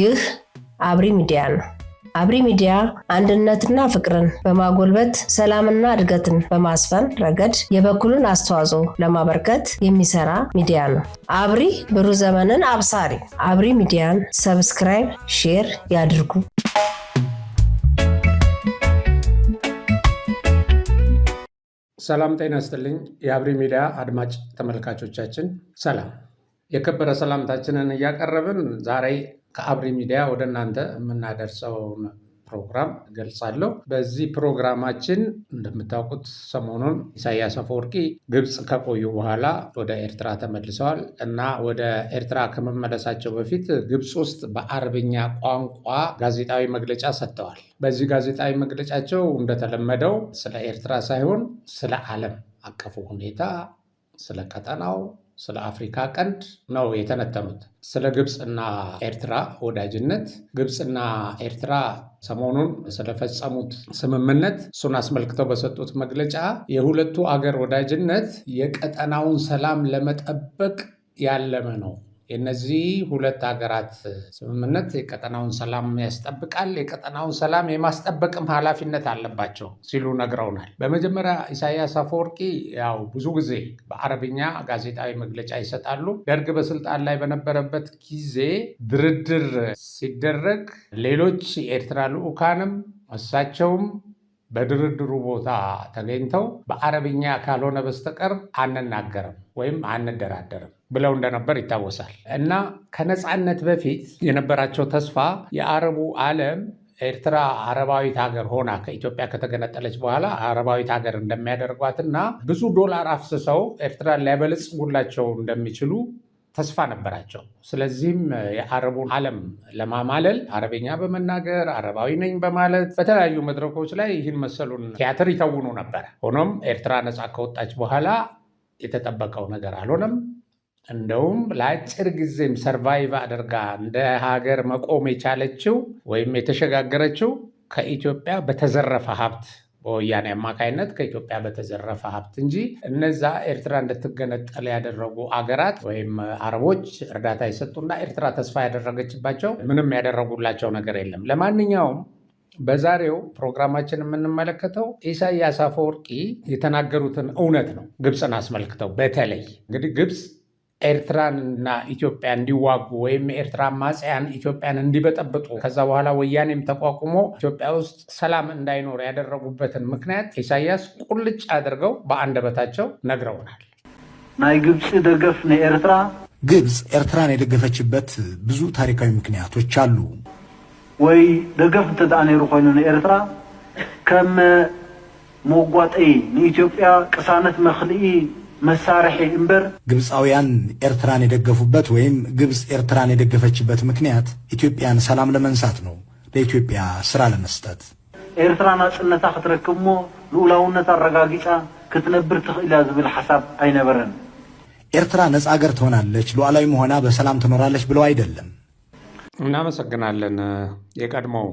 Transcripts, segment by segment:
ይህ አብሪ ሚዲያ ነው። አብሪ ሚዲያ አንድነትና ፍቅርን በማጎልበት ሰላምና እድገትን በማስፈን ረገድ የበኩሉን አስተዋጽኦ ለማበርከት የሚሰራ ሚዲያ ነው። አብሪ ብሩህ ዘመንን አብሳሪ። አብሪ ሚዲያን ሰብስክራይብ፣ ሼር ያድርጉ። ሰላም ጤና ይስጥልኝ። የአብሪ ሚዲያ አድማጭ ተመልካቾቻችን ሰላም፣ የከበረ ሰላምታችንን እያቀረብን ዛሬ ከአብሪ ሚዲያ ወደ እናንተ የምናደርሰውን ፕሮግራም እገልጻለሁ። በዚህ ፕሮግራማችን እንደምታውቁት ሰሞኑን ኢሳያስ አፈወርቂ ግብፅ ከቆዩ በኋላ ወደ ኤርትራ ተመልሰዋል እና ወደ ኤርትራ ከመመለሳቸው በፊት ግብፅ ውስጥ በአረብኛ ቋንቋ ጋዜጣዊ መግለጫ ሰጥተዋል። በዚህ ጋዜጣዊ መግለጫቸው እንደተለመደው ስለ ኤርትራ ሳይሆን ስለ ዓለም አቀፉ ሁኔታ፣ ስለ ቀጠናው ስለ አፍሪካ ቀንድ ነው የተነተኑት። ስለ ግብፅና ኤርትራ ወዳጅነት፣ ግብፅና ኤርትራ ሰሞኑን ስለፈጸሙት ስምምነት እሱን አስመልክተው በሰጡት መግለጫ የሁለቱ አገር ወዳጅነት የቀጠናውን ሰላም ለመጠበቅ ያለመ ነው የእነዚህ ሁለት ሀገራት ስምምነት የቀጠናውን ሰላም ያስጠብቃል፣ የቀጠናውን ሰላም የማስጠበቅም ኃላፊነት አለባቸው ሲሉ ነግረውናል። በመጀመሪያ ኢሳያስ አፈወርቂ ያው ብዙ ጊዜ በአረብኛ ጋዜጣዊ መግለጫ ይሰጣሉ። ደርግ በስልጣን ላይ በነበረበት ጊዜ ድርድር ሲደረግ ሌሎች የኤርትራ ልዑካንም እሳቸውም በድርድሩ ቦታ ተገኝተው በአረብኛ ካልሆነ በስተቀር አንናገርም ወይም አንደራደርም ብለው እንደነበር ይታወሳል። እና ከነፃነት በፊት የነበራቸው ተስፋ የአረቡ ዓለም ኤርትራ አረባዊት ሀገር ሆና ከኢትዮጵያ ከተገነጠለች በኋላ አረባዊት ሀገር እንደሚያደርጓትና ብዙ ዶላር አፍስሰው ኤርትራን ሊያበለጽጉላቸው እንደሚችሉ ተስፋ ነበራቸው። ስለዚህም የአረቡን ዓለም ለማማለል አረበኛ በመናገር አረባዊ ነኝ በማለት በተለያዩ መድረኮች ላይ ይህን መሰሉን ቲያትር ይተውኑ ነበር። ሆኖም ኤርትራ ነፃ ከወጣች በኋላ የተጠበቀው ነገር አልሆነም። እንደውም ለአጭር ጊዜም ሰርቫይቭ አድርጋ እንደ ሀገር መቆም የቻለችው ወይም የተሸጋገረችው ከኢትዮጵያ በተዘረፈ ሀብት በወያኔ አማካይነት ከኢትዮጵያ በተዘረፈ ሀብት እንጂ እነዛ ኤርትራ እንድትገነጠል ያደረጉ አገራት ወይም አረቦች እርዳታ የሰጡና ኤርትራ ተስፋ ያደረገችባቸው ምንም ያደረጉላቸው ነገር የለም። ለማንኛውም በዛሬው ፕሮግራማችን የምንመለከተው ኢሳያስ አፈወርቂ የተናገሩትን እውነት ነው፣ ግብፅን አስመልክተው በተለይ እንግዲህ ግብፅ ኤርትራንና ኢትዮጵያ እንዲዋጉ ወይም ኤርትራ አማጽያን ኢትዮጵያን እንዲበጠብጡ ከዛ በኋላ ወያኔም ተቋቁሞ ኢትዮጵያ ውስጥ ሰላም እንዳይኖር ያደረጉበትን ምክንያት ኢሳያስ ቁልጭ አድርገው በአንደበታቸው ነግረውናል። ናይ ግብፅ ደገፍ ንኤርትራ ግብፅ ኤርትራን የደገፈችበት ብዙ ታሪካዊ ምክንያቶች አሉ። ወይ ደገፍ እንተደኣ ነይሩ ኮይኑ ንኤርትራ ከም መጓጠይ ንኢትዮጵያ ቅሳነት መክልኢ መሳርሒ እምበር ግብፃውያን ኤርትራን የደገፉበት ወይም ግብፅ ኤርትራን የደገፈችበት ምክንያት ኢትዮጵያን ሰላም ለመንሳት ነው፣ ለኢትዮጵያ ስራ ለመስጠት። ኤርትራ ናፅነታ ክትረክብ ሞ ልኡላውነት ኣረጋጊፃ ክትነብር እያ ዝብል ሓሳብ ኣይነበረን። ኤርትራ ነፃ አገር ትሆናለች፣ ሉዓላዊ መሆና በሰላም ትኖራለች ብለው አይደለም። እናመሰግናለን የቀድሞው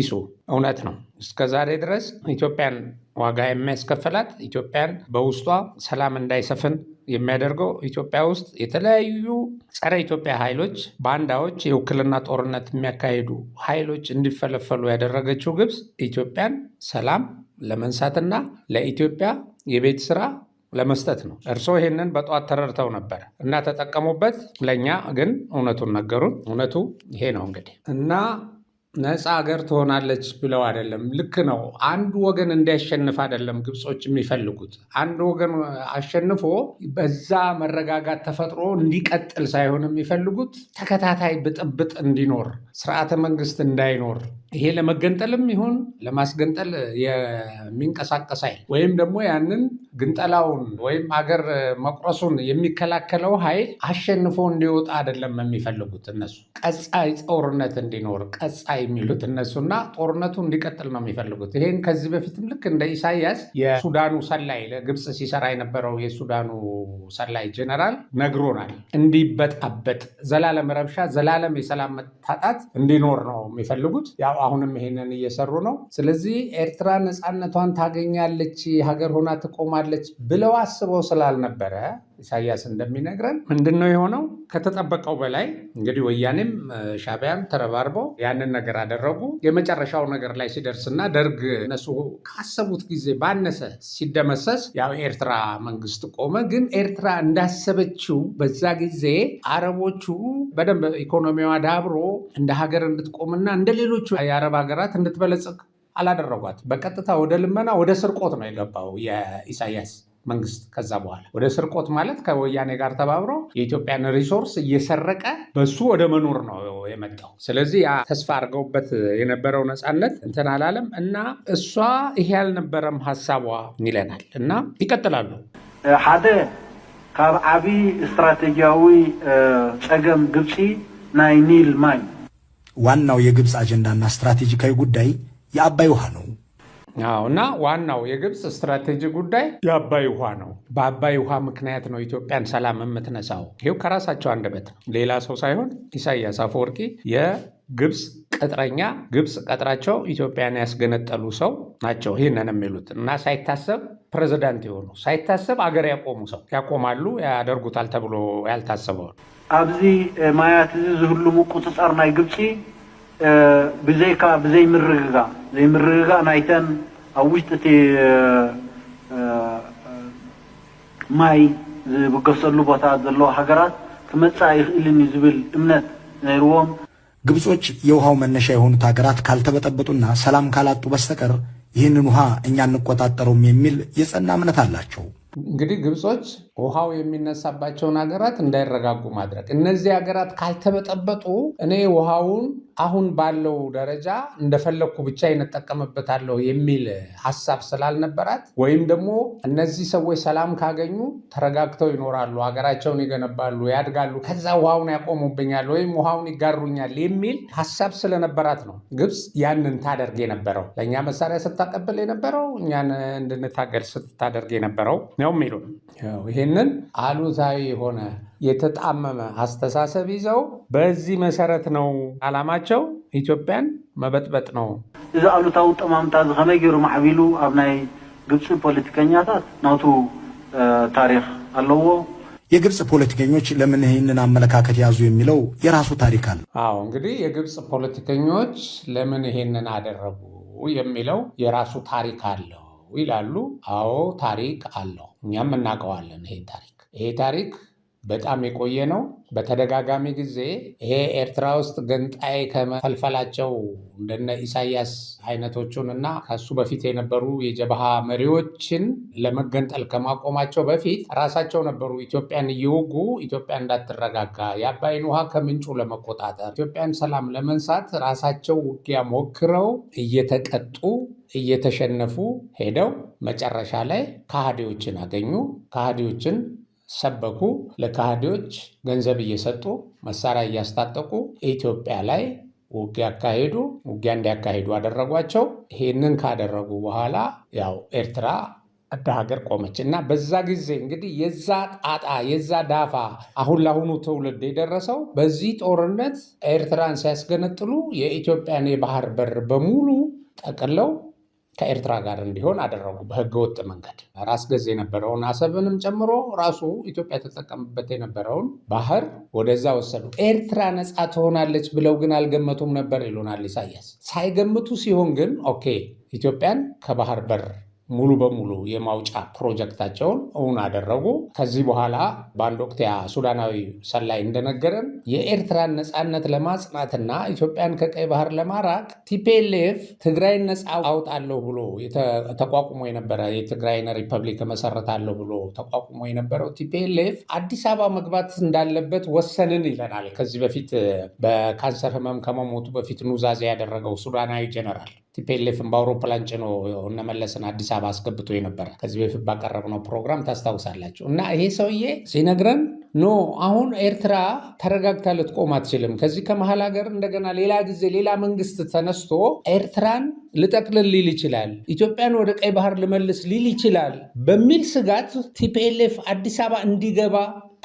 ኢሱ እውነት ነው። እስከ ዛሬ ድረስ ኢትዮጵያን ዋጋ የሚያስከፍላት ኢትዮጵያን በውስጧ ሰላም እንዳይሰፍን የሚያደርገው ኢትዮጵያ ውስጥ የተለያዩ ጸረ ኢትዮጵያ ኃይሎች፣ ባንዳዎች፣ የውክልና ጦርነት የሚያካሂዱ ኃይሎች እንዲፈለፈሉ ያደረገችው ግብፅ ኢትዮጵያን ሰላም ለመንሳትና ለኢትዮጵያ የቤት ስራ ለመስጠት ነው። እርስዎ ይህንን በጠዋት ተረድተው ነበር እና ተጠቀሙበት። ለእኛ ግን እውነቱን ነገሩን። እውነቱ ይሄ ነው እንግዲህ እና ነፃ ሀገር ትሆናለች ብለው አይደለም። ልክ ነው። አንድ ወገን እንዲያሸንፍ አይደለም ግብጾች የሚፈልጉት አንድ ወገን አሸንፎ በዛ መረጋጋት ተፈጥሮ እንዲቀጥል ሳይሆን የሚፈልጉት ተከታታይ ብጥብጥ እንዲኖር፣ ስርዓተ መንግስት እንዳይኖር ይሄ ለመገንጠልም ይሁን ለማስገንጠል የሚንቀሳቀስ ኃይል ወይም ደግሞ ያንን ግንጠላውን ወይም ሀገር መቁረሱን የሚከላከለው ኃይል አሸንፎ እንዲወጣ አይደለም የሚፈልጉት እነሱ ቀጻይ ጦርነት እንዲኖር ቀጻይ የሚሉት እነሱና ጦርነቱ እንዲቀጥል ነው የሚፈልጉት። ይሄን ከዚህ በፊትም ልክ እንደ ኢሳያስ የሱዳኑ ሰላይ ለግብፅ ሲሰራ የነበረው የሱዳኑ ሰላይ ጀነራል ነግሮናል። እንዲበጣበጥ ዘላለም ረብሻ፣ ዘላለም የሰላም መታጣት እንዲኖር ነው የሚፈልጉት። ያው አሁንም ይሄንን እየሰሩ ነው። ስለዚህ ኤርትራ ነፃነቷን ታገኛለች፣ ሀገር ሆና ትቆማለች ብለው አስበው ስላልነበረ ኢሳያስ እንደሚነግረን ምንድን ነው የሆነው? ከተጠበቀው በላይ እንግዲህ ወያኔም ሻቢያም ተረባርበው ያንን ነገር አደረጉ። የመጨረሻው ነገር ላይ ሲደርስና ደርግ እነሱ ካሰቡት ጊዜ ባነሰ ሲደመሰስ ያው ኤርትራ መንግስት ቆመ። ግን ኤርትራ እንዳሰበችው በዛ ጊዜ አረቦቹ በደንብ ኢኮኖሚዋ ዳብሮ እንደ ሀገር እንድትቆምና እንደ ሌሎቹ የአረብ ሀገራት እንድትበለጽግ አላደረጓት። በቀጥታ ወደ ልመና፣ ወደ ስርቆት ነው የገባው የኢሳያስ መንግስት ከዛ በኋላ ወደ ስርቆት ማለት ከወያኔ ጋር ተባብሮ የኢትዮጵያን ሪሶርስ እየሰረቀ በሱ ወደ መኖር ነው የመጣው። ስለዚህ ያ ተስፋ አድርገውበት የነበረው ነፃነት እንትን አላለም እና እሷ ይሄ ያልነበረም ሀሳቧ ይለናል እና ይቀጥላሉ። ሓደ ካብ ዓብይ ስትራቴጂያዊ ፀገም ግብፂ ናይ ኒል ማይ ዋናው የግብፅ አጀንዳና ስትራቴጂካዊ ጉዳይ የአባይ ውሃ ነው። አዎ እና ዋናው የግብፅ ስትራቴጂ ጉዳይ የአባይ ውሃ ነው። በአባይ ውሃ ምክንያት ነው ኢትዮጵያን ሰላም የምትነሳው። ይኸው ከራሳቸው አንደበት ነው፣ ሌላ ሰው ሳይሆን ኢሳያስ አፈወርቂ የግብፅ ቅጥረኛ ግብፅ ቀጥራቸው ኢትዮጵያን ያስገነጠሉ ሰው ናቸው። ይህንን የሚሉት እና ሳይታሰብ ፕሬዚዳንት የሆኑ ሳይታሰብ አገር ያቆሙ ሰው ያቆማሉ፣ ያደርጉታል ተብሎ ያልታሰበው አብዚ ማያት እዚ ዝህሉሙ ቁፅፀር ናይ ግብፂ ብዘይካ ብዘይ ምርግጋእ ዘይምርግጋእ ናይተን ኣብ ውሽጢ እቲ ማይ ዝብገሰሉ ቦታ ዘለዎ ሃገራት ክመፅእ ይኽእልን እዩ ዝብል እምነት ነይርዎም። ግብጾች የውሃው መነሻ የሆኑት ሃገራት ካልተበጠበጡና ሰላም ካላጡ በስተቀር ይህንን ውሃ እኛ እንቆጣጠረውም የሚል የጸና እምነት አላቸው። እንግዲህ ግብጾች ውሃው የሚነሳባቸውን ሀገራት እንዳይረጋጉ ማድረግ። እነዚህ ሀገራት ካልተበጠበጡ እኔ ውሃውን አሁን ባለው ደረጃ እንደፈለግኩ ብቻ ይነጠቀምበታለሁ የሚል ሀሳብ ስላልነበራት ወይም ደግሞ እነዚህ ሰዎች ሰላም ካገኙ ተረጋግተው ይኖራሉ፣ ሀገራቸውን ይገነባሉ፣ ያድጋሉ፣ ከዛ ውሃውን ያቆሙብኛል ወይም ውሃውን ይጋሩኛል የሚል ሀሳብ ስለነበራት ነው ግብፅ ያንን ታደርግ የነበረው ለእኛ መሳሪያ ስታቀብል የነበረው እኛን እንድንታገል ስታደርግ የነበረው ነው የሚሉን ይህንን አሉታዊ የሆነ የተጣመመ አስተሳሰብ ይዘው በዚህ መሰረት ነው ዓላማቸው ኢትዮጵያን መበጥበጥ ነው። እዚ አሉታዊ ጠማምታ እዚ ከመይ ገይሩ ማዕቢሉ ኣብ ናይ ግብፂ ፖለቲከኛታት ናቱ ታሪክ ኣለዎ። የግብፅ ፖለቲከኞች ለምን ይህንን አመለካከት ያዙ የሚለው የራሱ ታሪክ አለ። አዎ እንግዲህ የግብፅ ፖለቲከኞች ለምን ይሄንን አደረጉ የሚለው የራሱ ታሪክ አለው። ይላሉ። አዎ ታሪክ አለው። እኛም እናውቀዋለን ይሄ ታሪክ ይሄ ታሪክ በጣም የቆየ ነው። በተደጋጋሚ ጊዜ ይሄ ኤርትራ ውስጥ ገንጣይ ከመፈልፈላቸው እንደነ ኢሳያስ አይነቶቹን እና ከሱ በፊት የነበሩ የጀብሃ መሪዎችን ለመገንጠል ከማቆማቸው በፊት ራሳቸው ነበሩ ኢትዮጵያን እየወጉ ኢትዮጵያ እንዳትረጋጋ የአባይን ውሃ ከምንጩ ለመቆጣጠር ኢትዮጵያን ሰላም ለመንሳት ራሳቸው ውጊያ ሞክረው እየተቀጡ እየተሸነፉ ሄደው መጨረሻ ላይ ከሃዲዎችን አገኙ። ከሃዲዎችን ሰበኩ። ለከሃዲዎች ገንዘብ እየሰጡ መሳሪያ እያስታጠቁ ኢትዮጵያ ላይ ውጊያ አካሄዱ። ውጊያ እንዲያካሄዱ አደረጓቸው። ይህንን ካደረጉ በኋላ ያው ኤርትራ እንደ ሀገር ቆመች እና በዛ ጊዜ እንግዲህ የዛ ጣጣ የዛ ዳፋ አሁን ለአሁኑ ትውልድ የደረሰው በዚህ ጦርነት ኤርትራን ሲያስገነጥሉ የኢትዮጵያን የባህር በር በሙሉ ጠቅለው ከኤርትራ ጋር እንዲሆን አደረጉ። በህገወጥ መንገድ ራስ ገዝ የነበረውን አሰብንም ጨምሮ ራሱ ኢትዮጵያ ተጠቀምበት የነበረውን ባህር ወደዛ ወሰዱ። ኤርትራ ነፃ ትሆናለች ብለው ግን አልገመቱም ነበር ይሉናል ኢሳያስ። ሳይገምቱ ሲሆን ግን ኦኬ ኢትዮጵያን ከባህር በር ሙሉ በሙሉ የማውጫ ፕሮጀክታቸውን እውን አደረጉ። ከዚህ በኋላ በአንድ ወቅት ያ ሱዳናዊ ሰላይ እንደነገረን የኤርትራን ነፃነት ለማጽናትና ኢትዮጵያን ከቀይ ባህር ለማራቅ ቲፒኤልኤፍ ትግራይን ነፃ አውጣለሁ ብሎ ተቋቁሞ የነበረ የትግራይን ሪፐብሊክ መሰረታለሁ ብሎ ተቋቁሞ የነበረው ቲፒኤልኤፍ አዲስ አበባ መግባት እንዳለበት ወሰንን ይለናል። ከዚህ በፊት በካንሰር ህመም ከመሞቱ በፊት ኑዛዜ ያደረገው ሱዳናዊ ጀነራል ቲፔሌፍን በአውሮፕላን ጭኖ እነመለስን አዲስ አበባ አስገብቶ የነበረ ከዚህ በፊት ባቀረብነው ፕሮግራም ታስታውሳላችሁ። እና ይሄ ሰውዬ ሲነግረን ኖ አሁን ኤርትራ ተረጋግታ ልትቆም አትችልም፣ ከዚህ ከመሀል ሀገር እንደገና ሌላ ጊዜ ሌላ መንግስት ተነስቶ ኤርትራን ልጠቅልል ሊል ይችላል፣ ኢትዮጵያን ወደ ቀይ ባህር ልመልስ ሊል ይችላል በሚል ስጋት ቲፒኤልኤፍ አዲስ አበባ እንዲገባ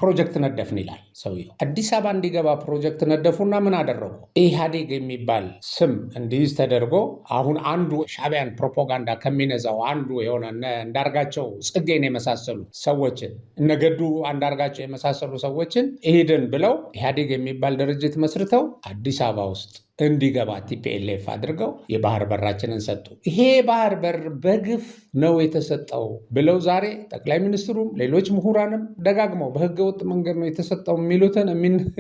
ፕሮጀክት ነደፍን ይላል። ሰውየው አዲስ አበባ እንዲገባ ፕሮጀክት ነደፉና ምን አደረጉ? ኢህአዴግ የሚባል ስም እንዲይዝ ተደርጎ አሁን አንዱ ሻቢያን ፕሮፓጋንዳ ከሚነዛው አንዱ የሆነ እንዳርጋቸው ጽጌን የመሳሰሉ ሰዎችን እነገዱ አንዳርጋቸው የመሳሰሉ ሰዎችን ይሄድን ብለው ኢህአዴግ የሚባል ድርጅት መስርተው አዲስ አበባ ውስጥ እንዲገባ ቲፒኤልኤፍ አድርገው የባህር በራችንን ሰጡ። ይሄ ባህር በር በግፍ ነው የተሰጠው ብለው ዛሬ ጠቅላይ ሚኒስትሩም ሌሎች ምሁራንም ደጋግመው በህገወጥ መንገድ ነው የተሰጠው የሚሉትን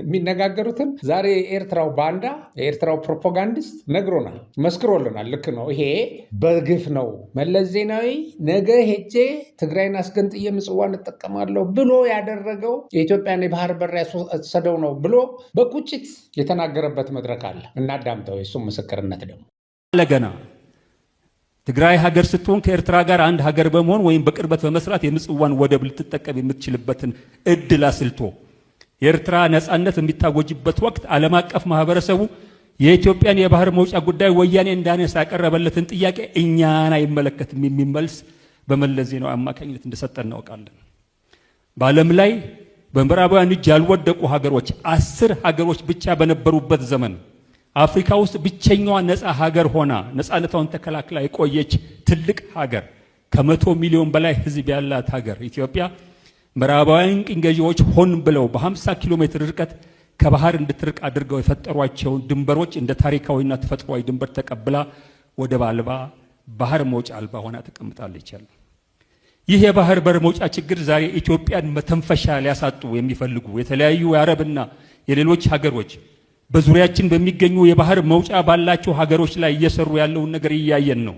የሚነጋገሩትን ዛሬ የኤርትራው ባንዳ የኤርትራው ፕሮፓጋንዲስት ነግሮናል፣ መስክሮልናል። ልክ ነው። ይሄ በግፍ ነው። መለስ ዜናዊ ነገ ሄጄ ትግራይን አስገንጥዬ ምጽዋን እጠቀማለሁ ብሎ ያደረገው የኢትዮጵያን የባህር በር ያስወሰደው ነው ብሎ በቁጭት የተናገረበት መድረክ አለ። እናዳምጠው የሱም ምስክርነት ደግሞ ለገና ትግራይ ሀገር ስትሆን ከኤርትራ ጋር አንድ ሀገር በመሆን ወይም በቅርበት በመስራት የምጽዋን ወደብ ልትጠቀም የምትችልበትን እድል አስልቶ የኤርትራ ነጻነት የሚታወጅበት ወቅት ዓለም አቀፍ ማህበረሰቡ የኢትዮጵያን የባህር መውጫ ጉዳይ ወያኔ እንዳነሳ ያቀረበለትን ጥያቄ እኛን አይመለከትም የሚመልስ በመለስ ዜናዊ አማካኝነት እንደሰጠ እናውቃለን። በዓለም ላይ በምዕራባውያን እጅ ያልወደቁ ሀገሮች አስር ሀገሮች ብቻ በነበሩበት ዘመን አፍሪካ ውስጥ ብቸኛዋ ነፃ ሀገር ሆና ነፃነቷን ተከላክላ የቆየች ትልቅ ሀገር ከመቶ ሚሊዮን በላይ ህዝብ ያላት ሀገር ኢትዮጵያ ምዕራባውያን ቅኝ ገዢዎች ሆን ብለው በ50 ኪሎ ሜትር ርቀት ከባህር እንድትርቅ አድርገው የፈጠሯቸውን ድንበሮች እንደ ታሪካዊና ተፈጥሯዊ ድንበር ተቀብላ ወደብ አልባ ባህር መውጫ አልባ ሆና ተቀምጣለች። ይህ የባህር በር መውጫ ችግር ዛሬ ኢትዮጵያን መተንፈሻ ሊያሳጡ የሚፈልጉ የተለያዩ የአረብና የሌሎች ሀገሮች በዙሪያችን በሚገኙ የባህር መውጫ ባላቸው ሀገሮች ላይ እየሰሩ ያለውን ነገር እያየን ነው።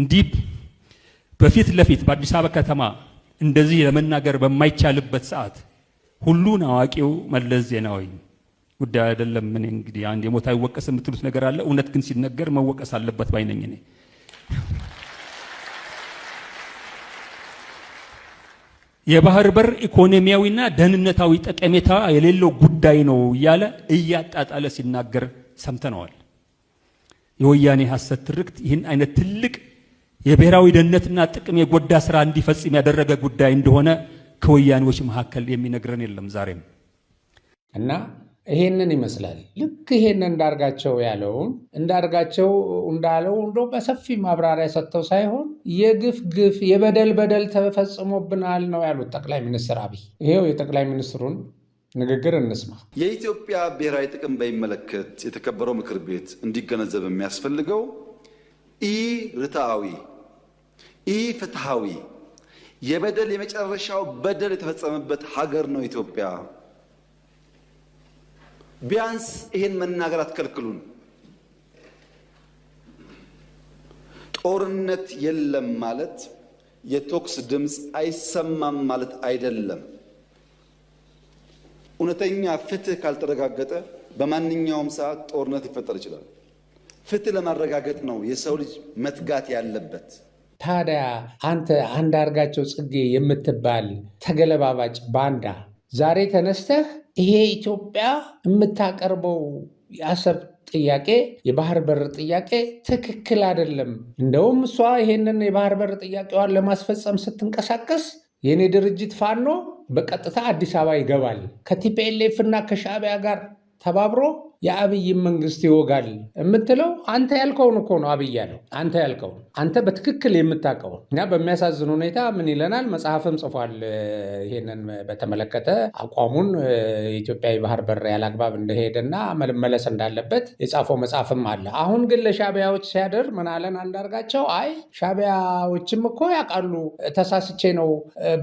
እንዲህ በፊት ለፊት በአዲስ አበባ ከተማ እንደዚህ ለመናገር በማይቻልበት ሰዓት ሁሉን አዋቂው መለስ ዜናዊ ጉዳይ አይደለም። ምን እንግዲህ አንድ የሞት አይወቀስ የምትሉት ነገር አለ። እውነት ግን ሲነገር መወቀስ አለበት ባይነኝ እኔ የባህር በር ኢኮኖሚያዊና ደህንነታዊ ጠቀሜታ የሌለው ጉዳይ ነው እያለ እያጣጣለ ሲናገር ሰምተነዋል። የወያኔ ሐሰት ትርክት ይህን አይነት ትልቅ የብሔራዊ ደህንነትና ጥቅም የጎዳ ስራ እንዲፈጽም ያደረገ ጉዳይ እንደሆነ ከወያኔዎች መካከል የሚነግረን የለም ዛሬም። እና ይሄንን ይመስላል ልክ ይሄንን እንዳርጋቸው ያለውን እንዳርጋቸው እንዳለው እንደ በሰፊ ማብራሪያ ሰጥተው ሳይሆን የግፍ ግፍ የበደል በደል ተፈጽሞብናል ነው ያሉት ጠቅላይ ሚኒስትር አብይ። ይሄው የጠቅላይ ሚኒስትሩን ንግግር እንስማ። የኢትዮጵያ ብሔራዊ ጥቅም በሚመለከት የተከበረው ምክር ቤት እንዲገነዘብ የሚያስፈልገው ኢ ርትዓዊ ኢ ፍትሃዊ የበደል የመጨረሻው በደል የተፈጸመበት ሀገር ነው ኢትዮጵያ። ቢያንስ ይህን መናገር አትከልክሉን። ጦርነት የለም ማለት የቶክስ ድምፅ አይሰማም ማለት አይደለም። እውነተኛ ፍትህ ካልተረጋገጠ በማንኛውም ሰዓት ጦርነት ሊፈጠር ይችላል። ፍትህ ለማረጋገጥ ነው የሰው ልጅ መትጋት ያለበት። ታዲያ አንተ አንዳርጋቸው ጽጌ የምትባል ተገለባባጭ ባንዳ ዛሬ ተነስተህ ይሄ ኢትዮጵያ የምታቀርበው የአሰብ ጥያቄ የባህር በር ጥያቄ ትክክል አይደለም፣ እንደውም እሷ ይሄንን የባህር በር ጥያቄዋን ለማስፈጸም ስትንቀሳቀስ የእኔ ድርጅት ፋኖ በቀጥታ አዲስ አበባ ይገባል ከቲፒኤልኤፍ እና ከሻዕቢያ ጋር ተባብሮ የአብይን መንግስት ይወጋል የምትለው አንተ ያልከውን እኮ ነው። አብይ ያለው አንተ ያልከውን አንተ በትክክል የምታውቀውን እና በሚያሳዝን ሁኔታ ምን ይለናል? መጽሐፍም ጽፏል። ይሄንን በተመለከተ አቋሙን የኢትዮጵያ የባህር በር አግባብ እንደሄደና መመለስ እንዳለበት የጻፈው መጽሐፍም አለ። አሁን ግን ለሻቢያዎች ሲያደር ምን አለን? አንዳርጋቸው አይ ሻቢያዎችም እኮ ያውቃሉ፣ ተሳስቼ ነው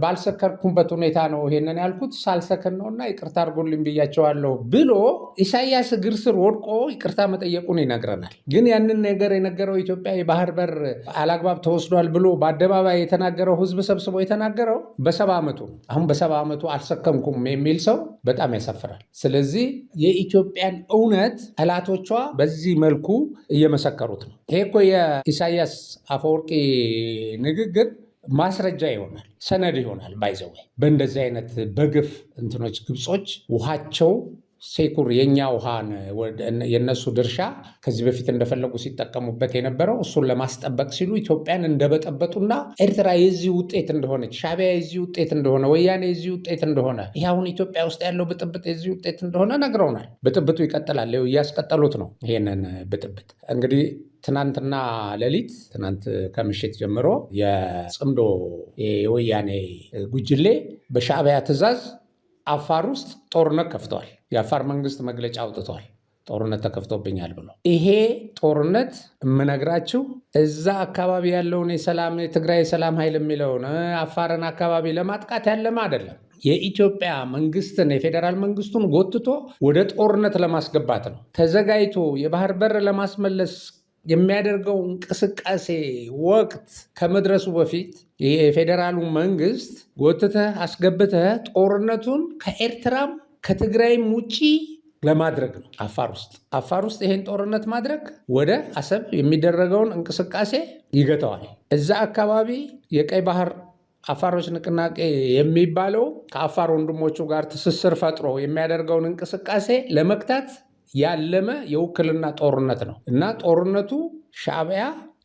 ባልሰከርኩበት ሁኔታ ነው ይሄንን ያልኩት፣ ሳልሰከን ነውና ይቅርታ አድርጎልኝ ብያቸዋለሁ ብሎ ኢሳያስ እግር ስር ወድቆ ይቅርታ መጠየቁን ይነግረናል። ግን ያንን ነገር የነገረው ኢትዮጵያ የባህር በር አላግባብ ተወስዷል ብሎ በአደባባይ የተናገረው ህዝብ ሰብስቦ የተናገረው በሰባ ዓመቱ ነው። አሁን በሰባ ዓመቱ አልሰከምኩም የሚል ሰው በጣም ያሳፍራል። ስለዚህ የኢትዮጵያን እውነት ጠላቶቿ በዚህ መልኩ እየመሰከሩት ነው። ይሄ እኮ የኢሳያስ አፈወርቂ ንግግር ማስረጃ ይሆናል፣ ሰነድ ይሆናል። ባይዘወይ በእንደዚህ አይነት በግፍ እንትኖች ግብጾች ውሃቸው ሴኩር የእኛ ውሃን የእነሱ ድርሻ ከዚህ በፊት እንደፈለጉ ሲጠቀሙበት የነበረው እሱን ለማስጠበቅ ሲሉ ኢትዮጵያን እንደበጠበጡና ኤርትራ የዚህ ውጤት እንደሆነች፣ ሻቢያ የዚህ ውጤት እንደሆነ፣ ወያኔ የዚህ ውጤት እንደሆነ፣ ይህ አሁን ኢትዮጵያ ውስጥ ያለው ብጥብጥ የዚህ ውጤት እንደሆነ ነግረውናል። ብጥብጡ ይቀጥላል። እያስቀጠሉት ነው። ይሄንን ብጥብጥ እንግዲህ ትናንትና ሌሊት ትናንት ከምሽት ጀምሮ የጽምዶ የወያኔ ጉጅሌ በሻቢያ ትዕዛዝ አፋር ውስጥ ጦርነት ከፍተዋል። የአፋር መንግስት መግለጫ አውጥተዋል። ጦርነት ተከፍቶብኛል ብሎ ይሄ ጦርነት የምነግራችሁ እዛ አካባቢ ያለውን የሰላም የትግራይ የሰላም ኃይል የሚለውን አፋርን አካባቢ ለማጥቃት ያለም አይደለም። የኢትዮጵያ መንግስትን የፌዴራል መንግስቱን ጎትቶ ወደ ጦርነት ለማስገባት ነው። ተዘጋጅቶ የባህር በር ለማስመለስ የሚያደርገው እንቅስቃሴ ወቅት ከመድረሱ በፊት የፌዴራሉ መንግስት ጎትተህ አስገብተህ ጦርነቱን ከኤርትራም ከትግራይም ውጪ ለማድረግ ነው። አፋር ውስጥ አፋር ውስጥ ይሄን ጦርነት ማድረግ ወደ አሰብ የሚደረገውን እንቅስቃሴ ይገተዋል። እዛ አካባቢ የቀይ ባህር አፋሮች ንቅናቄ የሚባለው ከአፋር ወንድሞቹ ጋር ትስስር ፈጥሮ የሚያደርገውን እንቅስቃሴ ለመግታት ያለመ የውክልና ጦርነት ነው እና ጦርነቱ ሻዕቢያ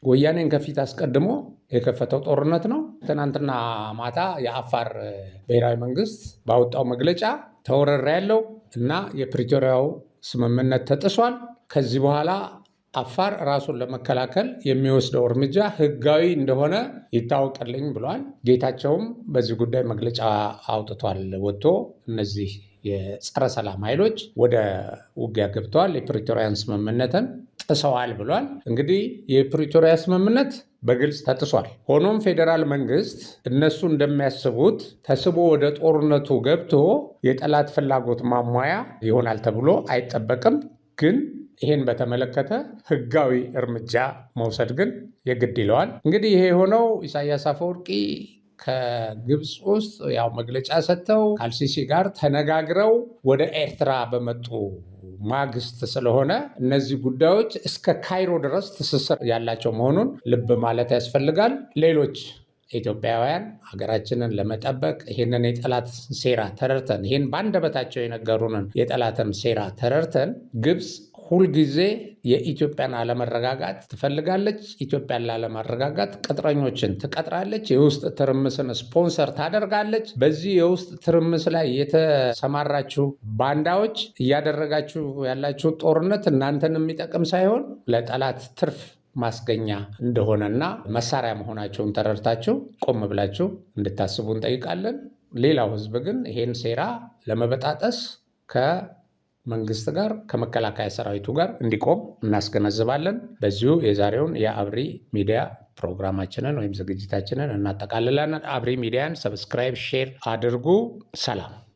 ወያኔን ከፊት አስቀድሞ የከፈተው ጦርነት ነው። ትናንትና ማታ የአፋር ብሔራዊ መንግስት ባወጣው መግለጫ ተወረራ ያለው እና የፕሪቶሪያው ስምምነት ተጥሷል። ከዚህ በኋላ አፋር ራሱን ለመከላከል የሚወስደው እርምጃ ህጋዊ እንደሆነ ይታወቅልኝ ብሏል። ጌታቸውም በዚህ ጉዳይ መግለጫ አውጥቷል። ወጥቶ እነዚህ የጸረ ሰላም ኃይሎች ወደ ውጊያ ገብተዋል፣ የፕሪቶሪያን ስምምነትን ጥሰዋል ብሏል። እንግዲህ የፕሪቶሪያ ስምምነት በግልጽ ተጥሷል። ሆኖም ፌዴራል መንግስት እነሱ እንደሚያስቡት ተስቦ ወደ ጦርነቱ ገብቶ የጠላት ፍላጎት ማሟያ ይሆናል ተብሎ አይጠበቅም። ግን ይህን በተመለከተ ህጋዊ እርምጃ መውሰድ ግን የግድ ይለዋል። እንግዲህ ይሄ የሆነው ኢሳያስ አፈወርቂ ከግብፅ ውስጥ ያው መግለጫ ሰጥተው ከአልሲሲ ጋር ተነጋግረው ወደ ኤርትራ በመጡ ማግስት ስለሆነ እነዚህ ጉዳዮች እስከ ካይሮ ድረስ ትስስር ያላቸው መሆኑን ልብ ማለት ያስፈልጋል። ሌሎች ኢትዮጵያውያን ሀገራችንን ለመጠበቅ ይህንን የጠላት ሴራ ተረድተን ይህን በአንደበታቸው የነገሩንን የጠላትን ሴራ ተረድተን ግብፅ ሁልጊዜ የኢትዮጵያን አለመረጋጋት ትፈልጋለች። ኢትዮጵያን ላለመረጋጋት ቅጥረኞችን ትቀጥራለች። የውስጥ ትርምስን ስፖንሰር ታደርጋለች። በዚህ የውስጥ ትርምስ ላይ የተሰማራችሁ ባንዳዎች እያደረጋችሁ ያላችሁ ጦርነት እናንተን የሚጠቅም ሳይሆን ለጠላት ትርፍ ማስገኛ እንደሆነና መሳሪያ መሆናቸውን ተረድታችሁ ቆም ብላችሁ እንድታስቡ እንጠይቃለን። ሌላው ህዝብ ግን ይሄን ሴራ ለመበጣጠስ ከ መንግስት ጋር ከመከላከያ ሰራዊቱ ጋር እንዲቆም እናስገነዝባለን። በዚሁ የዛሬውን የአብሪ ሚዲያ ፕሮግራማችንን ወይም ዝግጅታችንን እናጠቃልላለን። አብሪ ሚዲያን ሰብስክራይብ፣ ሼር አድርጉ። ሰላም